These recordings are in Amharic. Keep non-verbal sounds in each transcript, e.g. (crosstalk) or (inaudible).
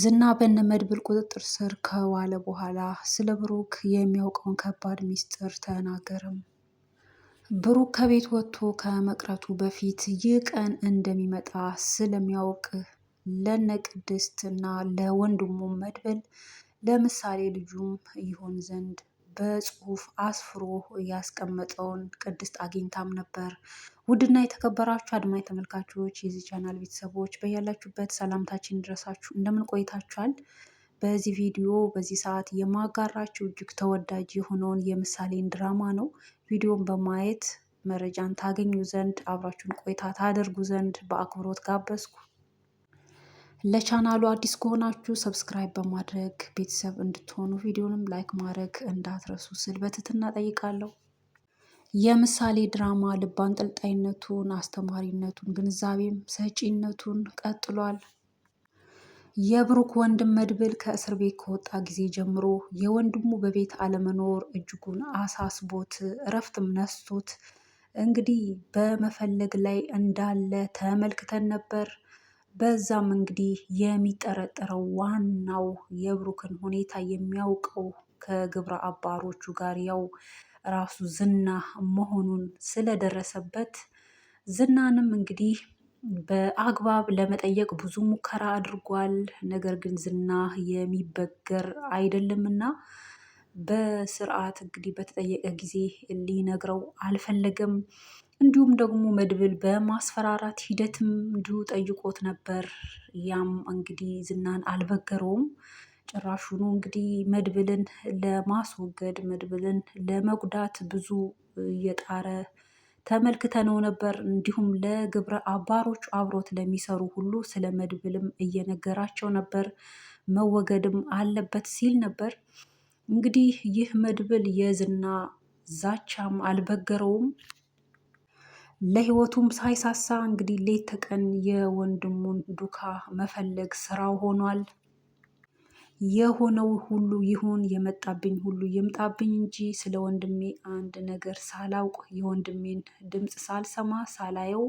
ዝና በነ መድብል ቁጥጥር ስር ከዋለ በኋላ ስለ ብሩክ የሚያውቀውን ከባድ ሚስጥር ተናገረም። ብሩክ ከቤት ወጥቶ ከመቅረቱ በፊት ይህ ቀን እንደሚመጣ ስለሚያውቅ ለነ ቅድስት እና ለወንድሙ መድብል ለምሳሌ ልጁም ይሆን ዘንድ በጽሁፍ አስፍሮ ያስቀመጠውን ቅድስት አግኝታም ነበር። ውድና የተከበራችሁ አድማጭ ተመልካቾች የዚህ ቻናል ቤተሰቦች በያላችሁበት ሰላምታችን ይድረሳችሁ። እንደምን ቆይታችኋል? በዚህ ቪዲዮ በዚህ ሰዓት የማጋራችሁ እጅግ ተወዳጅ የሆነውን የምሳሌን ድራማ ነው። ቪዲዮን በማየት መረጃን ታገኙ ዘንድ አብራችሁን ቆይታ ታደርጉ ዘንድ በአክብሮት ጋበዝኩ። ለቻናሉ አዲስ ከሆናችሁ ሰብስክራይብ በማድረግ ቤተሰብ እንድትሆኑ ቪዲዮንም ላይክ ማድረግ እንዳትረሱ ስል በትህትና ጠይቃለሁ። የምሳሌ ድራማ ልብ አንጠልጣይነቱን፣ አስተማሪነቱን፣ ግንዛቤም ሰጪነቱን ቀጥሏል። የብሩክ ወንድም መድብል ከእስር ቤት ከወጣ ጊዜ ጀምሮ የወንድሙ በቤት አለመኖር እጅጉን አሳስቦት እረፍትም ነስቶት እንግዲህ በመፈለግ ላይ እንዳለ ተመልክተን ነበር። በዛም እንግዲህ የሚጠረጠረው ዋናው የብሩክን ሁኔታ የሚያውቀው ከግብረ አባሮቹ ጋር ያው ራሱ ዝና መሆኑን ስለደረሰበት ዝናንም እንግዲህ በአግባብ ለመጠየቅ ብዙ ሙከራ አድርጓል። ነገር ግን ዝና የሚበገር አይደለምና በስርዓት እንግዲህ በተጠየቀ ጊዜ ሊነግረው አልፈለገም። እንዲሁም ደግሞ መድብል በማስፈራራት ሂደትም እንዲሁ ጠይቆት ነበር። ያም እንግዲህ ዝናን አልበገረውም። ጭራሹኑ እንግዲህ መድብልን ለማስወገድ መድብልን ለመጉዳት ብዙ እየጣረ ተመልክተነው ነበር። እንዲሁም ለግብረ አባሮች አብሮት ለሚሰሩ ሁሉ ስለ መድብልም እየነገራቸው ነበር። መወገድም አለበት ሲል ነበር። እንግዲህ ይህ መድብል የዝና ዛቻም አልበገረውም። ለህይወቱም ሳይሳሳ እንግዲህ ሌት ተቀን የወንድሙን ዱካ መፈለግ ስራው ሆኗል። የሆነው ሁሉ ይሁን የመጣብኝ ሁሉ ይምጣብኝ እንጂ ስለ ወንድሜ አንድ ነገር ሳላውቅ የወንድሜን ድምፅ ሳልሰማ ሳላየው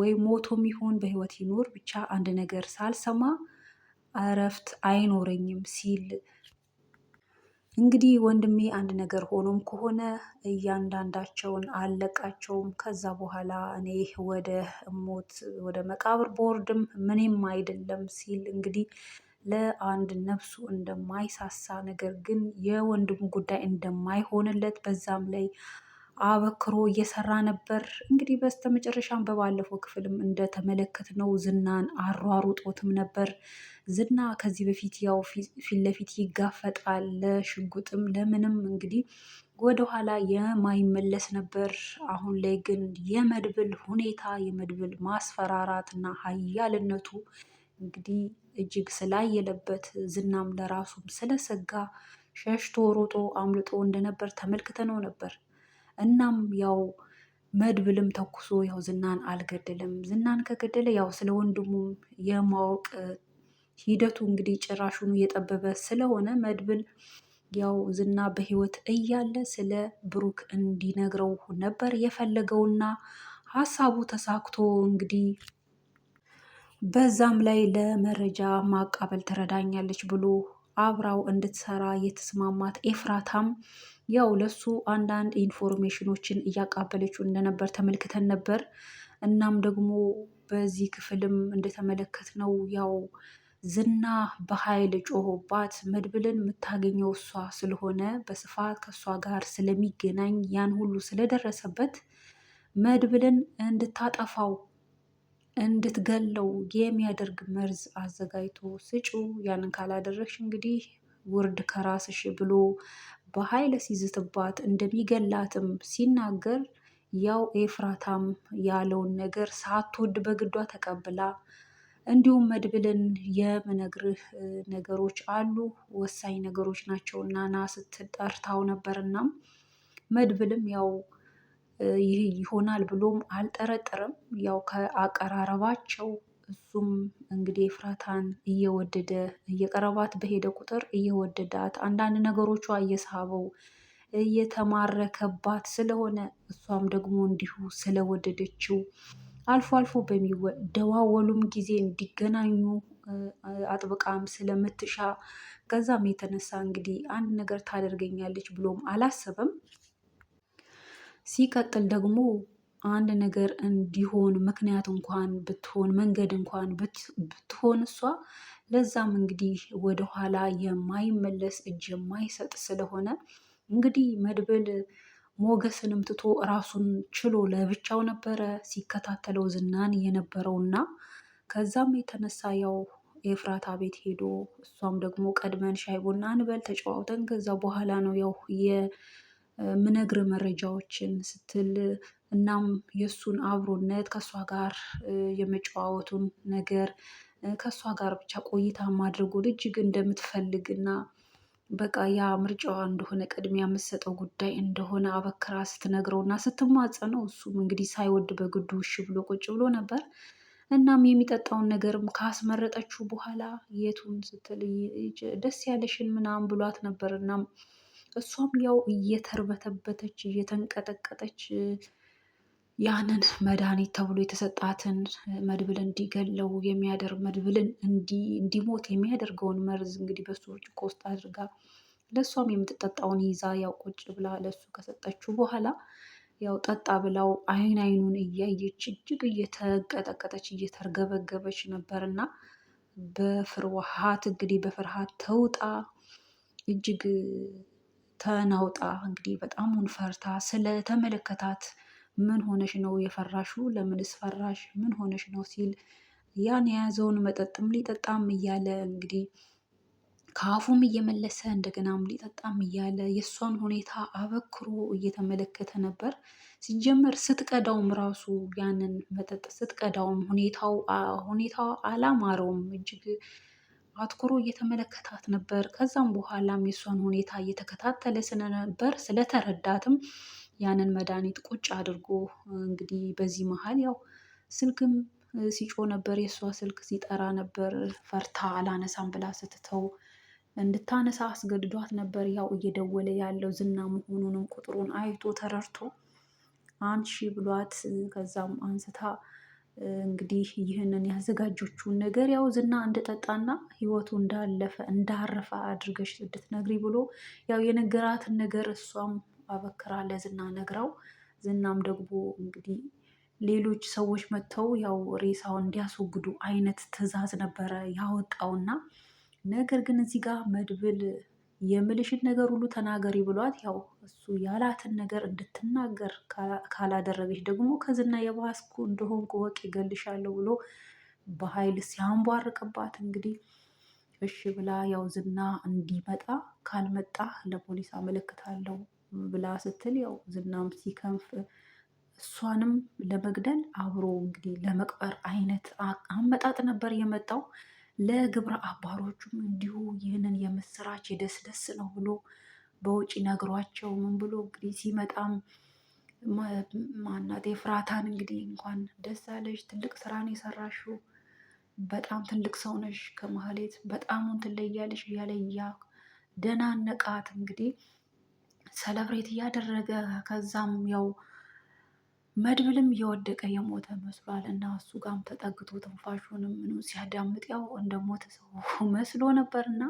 ወይ ሞቶም ይሁን በህይወት ይኖር ብቻ አንድ ነገር ሳልሰማ እረፍት አይኖረኝም ሲል እንግዲህ ወንድሜ አንድ ነገር ሆኖም ከሆነ እያንዳንዳቸውን አለቃቸውም ከዛ በኋላ እኔ ወደ ሞት ወደ መቃብር ቦርድም ምንም አይደለም ሲል እንግዲህ ለአንድ ነፍሱ እንደማይሳሳ ነገር ግን የወንድሙ ጉዳይ እንደማይሆንለት በዛም ላይ አበክሮ እየሰራ ነበር። እንግዲህ በስተመጨረሻም በባለፈው ክፍልም እንደተመለከትነው ዝናን አሯሩጦትም ነበር። ዝና ከዚህ በፊት ያው ፊት ለፊት ይጋፈጣል፣ ለሽጉጥም ለምንም እንግዲህ ወደኋላ የማይመለስ ነበር። አሁን ላይ ግን የመድብል ሁኔታ የመድብል ማስፈራራትና ኃያልነቱ እንግዲህ እጅግ ስላየለበት ዝናም ለራሱም ስለሰጋ ሸሽቶ ሮጦ አምልጦ እንደነበር ተመልክተነው ነበር። እናም ያው መድብልም ተኩሶ ያው ዝናን አልገደለም። ዝናን ከገደለ ያው ስለ ወንድሙ የማወቅ ሂደቱ እንግዲህ ጭራሹኑ እየጠበበ ስለሆነ መድብል ያው ዝና በህይወት እያለ ስለ ብሩክ እንዲነግረው ነበር የፈለገውና ሀሳቡ ተሳክቶ እንግዲህ በዛም ላይ ለመረጃ ማቃበል ትረዳኛለች ብሎ አብራው እንድትሰራ የተስማማት ኤፍራታም ያው ለሱ አንዳንድ ኢንፎርሜሽኖችን እያቃበለችው እንደነበር ተመልክተን ነበር። እናም ደግሞ በዚህ ክፍልም እንደተመለከትነው ያው ዝና በኃይል ጮሆባት መድብልን የምታገኘው እሷ ስለሆነ በስፋት ከእሷ ጋር ስለሚገናኝ ያን ሁሉ ስለደረሰበት መድብልን እንድታጠፋው እንድትገለው የሚያደርግ መርዝ አዘጋጅቶ ስጩ። ያንን ካላደረግሽ እንግዲህ ውርድ ከራስሽ ብሎ በኃይል ሲዝትባት እንደሚገላትም ሲናገር ያው ኤፍራታም ያለውን ነገር ሳትወድ በግዷ ተቀብላ እንዲሁም መድብልን የምነግርህ ነገሮች አሉ ወሳኝ ነገሮች ናቸው እና ና ስትጠርታው ነበርና መድብልም ያው ይህ ይሆናል ብሎም አልጠረጠረም። ያው ከአቀራረባቸው እሱም እንግዲህ ፍራታን እየወደደ እየቀረባት በሄደ ቁጥር እየወደዳት አንዳንድ ነገሮቿ እየሳበው እየተማረከባት ስለሆነ እሷም ደግሞ እንዲሁ ስለወደደችው አልፎ አልፎ በሚደዋወሉም ጊዜ እንዲገናኙ አጥብቃም ስለምትሻ ከዛም የተነሳ እንግዲህ አንድ ነገር ታደርገኛለች ብሎም አላሰበም። ሲቀጥል ደግሞ አንድ ነገር እንዲሆን ምክንያት እንኳን ብትሆን መንገድ እንኳን ብትሆን እሷ ለዛም እንግዲህ ወደኋላ የማይመለስ እጅ የማይሰጥ ስለሆነ እንግዲህ መድብል ሞገስንም ትቶ ራሱን ችሎ ለብቻው ነበረ ሲከታተለው ዝናን የነበረው እና ከዛም የተነሳ ያው የፍራታ ቤት ሄዶ እሷም ደግሞ ቀድመን ሻይ ቡና እንበል ከዛ በኋላ ነው ያው ምነግር መረጃዎችን ስትል እናም የእሱን አብሮነት ከእሷ ጋር የመጨዋወቱን ነገር ከእሷ ጋር ብቻ ቆይታ ማድረጉን እጅግ እና በቃ ያ ምርጫዋ እንደሆነ ቅድሚያ የምትሰጠው ጉዳይ እንደሆነ አበክራ ስትነግረውና ስትማጸነው እሱም እንግዲህ ሳይወድ በግዱ ውሽ ብሎ ቁጭ ብሎ ነበር። እናም የሚጠጣውን ነገርም ካስመረጠችው በኋላ የቱን ስትል ደስ ያለሽን ምናምን ብሏት ነበር። እናም እሷም ያው እየተርበተበተች እየተንቀጠቀጠች ያንን መድኃኒት ተብሎ የተሰጣትን መድብል እንዲገለው የሚያደርግ መድብልን እንዲሞት የሚያደርገውን መርዝ እንግዲህ በሱ ብርጭቆ ውስጥ አድርጋ ለእሷም የምትጠጣውን ይዛ ያው ቁጭ ብላ ለሱ ከሰጠችው በኋላ ያው ጠጣ ብላው አይን አይኑን እያየች እጅግ እየተንቀጠቀጠች እየተርገበገበች ነበር እና በፍርሃት እንግዲህ በፍርሃት ተውጣ እጅግ ተናውጣ እንግዲህ በጣም ውንፈርታ ስለተመለከታት ምን ሆነሽ ነው የፈራሹ? ለምንስ ፈራሽ? ምን ሆነሽ ነው ሲል ያን የያዘውን መጠጥም ሊጠጣም እያለ እንግዲህ ከአፉም እየመለሰ እንደገናም ሊጠጣም እያለ የእሷን ሁኔታ አበክሮ እየተመለከተ ነበር። ሲጀመር ስትቀዳውም ራሱ ያንን መጠጥ ስትቀዳውም ሁኔታው ሁኔታው አላማረውም እጅግ አትኩሮ እየተመለከታት ነበር። ከዛም በኋላም የእሷን ሁኔታ እየተከታተለ ስለነበር ስለተረዳትም ያንን መድኃኒት ቁጭ አድርጎ እንግዲህ በዚህ መሀል ያው ስልክም ሲጮ ነበር፣ የእሷ ስልክ ሲጠራ ነበር። ፈርታ አላነሳም ብላ ስትተው እንድታነሳ አስገድዷት ነበር። ያው እየደወለ ያለው ዝና መሆኑንም ቁጥሩን አይቶ ተረድቶ አንሺ ብሏት ከዛም አንስታ እንግዲህ ይህንን ያዘጋጆችውን ነገር ያው ዝና እንደጠጣና ህይወቱ እንዳለፈ እንዳረፈ አድርገሽ እንድትነግሪ ብሎ ያው የነገራትን ነገር እሷም አበክራ ለዝና ነግራው ዝናም ደግሞ እንግዲህ ሌሎች ሰዎች መጥተው ያው ሬሳውን እንዲያስወግዱ አይነት ትዕዛዝ ነበረ ያወጣውና ነገር ግን እዚህ ጋር መድብል የምልሽን ነገር ሁሉ ተናገሪ ብሏት፣ ያው እሱ ያላትን ነገር እንድትናገር ካላደረገች ደግሞ ከዝና የባስኩ እንደሆንኩ ወቅ ይገልሻለሁ ብሎ በኃይል ሲያንቧርቅባት እንግዲህ እሺ ብላ ያው ዝና እንዲመጣ ካልመጣ ለፖሊስ አመለክታለሁ ብላ ስትል ያው ዝናም ሲከንፍ እሷንም ለመግደል አብሮ እንግዲህ ለመቅበር አይነት አመጣጥ ነበር የመጣው። ለግብረ አባሮቹም እንዲሁ ይህንን የምስራች የደስደስ ነው ብሎ በውጭ ነግሯቸው ምን ብሎ እንግዲህ ሲመጣም ማናት ኤፍራታን እንግዲህ እንኳን ደስ አለሽ፣ ትልቅ ስራን የሰራሽው በጣም ትልቅ ሰው ነሽ፣ ከማህሌት በጣሙን ትለያለሽ እያለ እያ ደናነቃት እንግዲህ ሰለብሬት እያደረገ ከዛም ያው መድብልም የወደቀ የሞተ መስሏል እና እሱ ጋም ተጠግቶ ትንፋሹንም ምኑ ሲያዳምጥ ያው እንደ ሞተ ሰው (laughs) መስሎ ነበር እና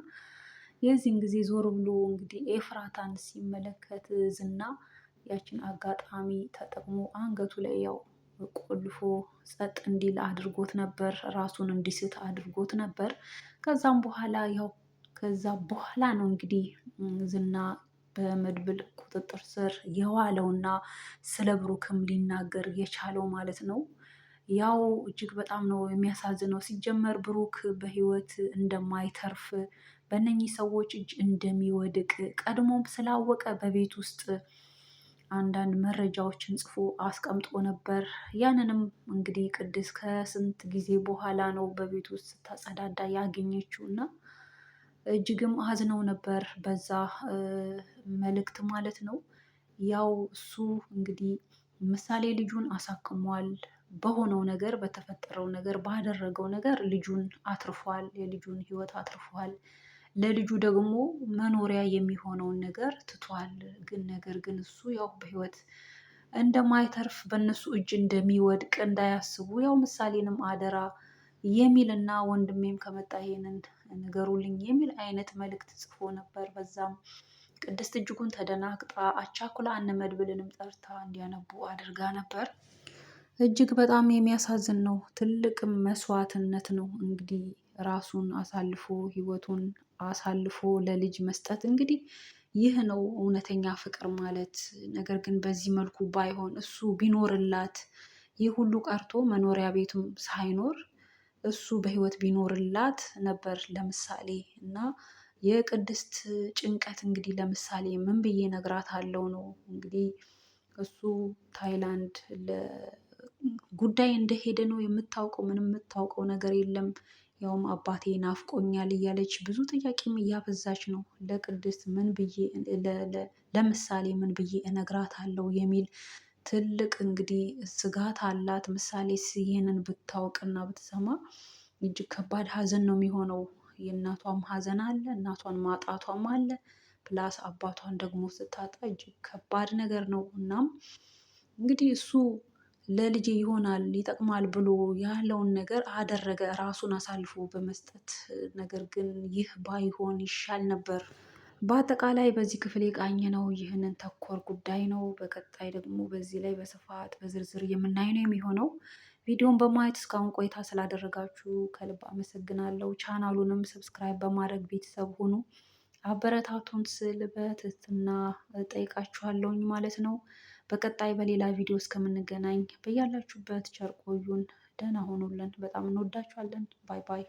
የዚህን ጊዜ ዞር ብሎ እንግዲህ ኤፍራታን ሲመለከት ዝና ያችን አጋጣሚ ተጠቅሞ አንገቱ ላይ ያው ቆልፎ ጸጥ እንዲል አድርጎት ነበር። ራሱን እንዲስት አድርጎት ነበር። ከዛም በኋላ ያው ከዛ በኋላ ነው እንግዲህ ዝና በመድብል ቁጥጥር ስር የዋለውና ስለ ብሩክም ሊናገር የቻለው ማለት ነው። ያው እጅግ በጣም ነው የሚያሳዝነው። ሲጀመር ብሩክ በህይወት እንደማይተርፍ በእነኚህ ሰዎች እጅ እንደሚወድቅ ቀድሞም ስላወቀ በቤት ውስጥ አንዳንድ መረጃዎችን ጽፎ አስቀምጦ ነበር። ያንንም እንግዲህ ቅድስት ከስንት ጊዜ በኋላ ነው በቤት ውስጥ ስታጸዳዳ ያገኘችው እና እጅግም አዝነው ነበር በዛ መልእክት ማለት ነው። ያው እሱ እንግዲህ ምሳሌ ልጁን አሳክሟል። በሆነው ነገር፣ በተፈጠረው ነገር፣ ባደረገው ነገር ልጁን አትርፏል። የልጁን ህይወት አትርፏል። ለልጁ ደግሞ መኖሪያ የሚሆነውን ነገር ትቷል። ግን ነገር ግን እሱ ያው በህይወት እንደማይተርፍ በእነሱ እጅ እንደሚወድቅ እንዳያስቡ ያው ምሳሌንም አደራ የሚልና ወንድሜም ከመጣ ይሄንን ንገሩልኝ የሚል አይነት መልእክት ጽፎ ነበር። በዛም ቅድስት እጅጉን ተደናግጣ አቻኩላ እነ መድብልንም ጠርታ እንዲያነቡ አድርጋ ነበር። እጅግ በጣም የሚያሳዝን ነው። ትልቅ መስዋዕትነት ነው እንግዲህ ራሱን አሳልፎ ህይወቱን አሳልፎ ለልጅ መስጠት እንግዲህ ይህ ነው እውነተኛ ፍቅር ማለት። ነገር ግን በዚህ መልኩ ባይሆን እሱ ቢኖርላት ይህ ሁሉ ቀርቶ መኖሪያ ቤቱም ሳይኖር እሱ በህይወት ቢኖርላት ነበር ለምሳሌ እና የቅድስት ጭንቀት እንግዲህ ለምሳሌ ምን ብዬ ነግራት አለው ነው እንግዲህ እሱ ታይላንድ ጉዳይ እንደሄደ ነው የምታውቀው። ምንም የምታውቀው ነገር የለም። ያውም አባቴ ናፍቆኛል እያለች ብዙ ጥያቄም እያበዛች ነው። ለቅድስት ምን ብዬ ለምሳሌ ምን ብዬ አለው የሚል ትልቅ እንግዲህ ስጋት አላት። ምሳሌ ይህንን ብታውቅና ብትሰማ እጅግ ከባድ ሀዘን ነው የሚሆነው። የእናቷም ሀዘን አለ፣ እናቷን ማጣቷም አለ። ፕላስ አባቷን ደግሞ ስታጣ እጅግ ከባድ ነገር ነው። እናም እንግዲህ እሱ ለልጅ ይሆናል ይጠቅማል ብሎ ያለውን ነገር አደረገ ራሱን አሳልፎ በመስጠት ነገር ግን ይህ ባይሆን ይሻል ነበር። በአጠቃላይ በዚህ ክፍል ነው ይህንን ተኮር ጉዳይ ነው። በቀጣይ ደግሞ በዚህ ላይ በስፋት በዝርዝር የምናይ ነው የሚሆነው። ቪዲዮን በማየት እስካሁን ቆይታ ስላደረጋችሁ ከልብ አመሰግናለሁ። ቻናሉንም ሰብስክራይብ በማድረግ ቤተሰብ ሁኑ። አበረታቱን ስል በትህትና ጠይቃችኋለሁኝ ማለት ነው። በቀጣይ በሌላ ቪዲዮ እስከምንገናኝ በያላችሁበት ቸር ቆዩን። ደህና ሆኑልን። በጣም እንወዳችኋለን። ባይ ባይ።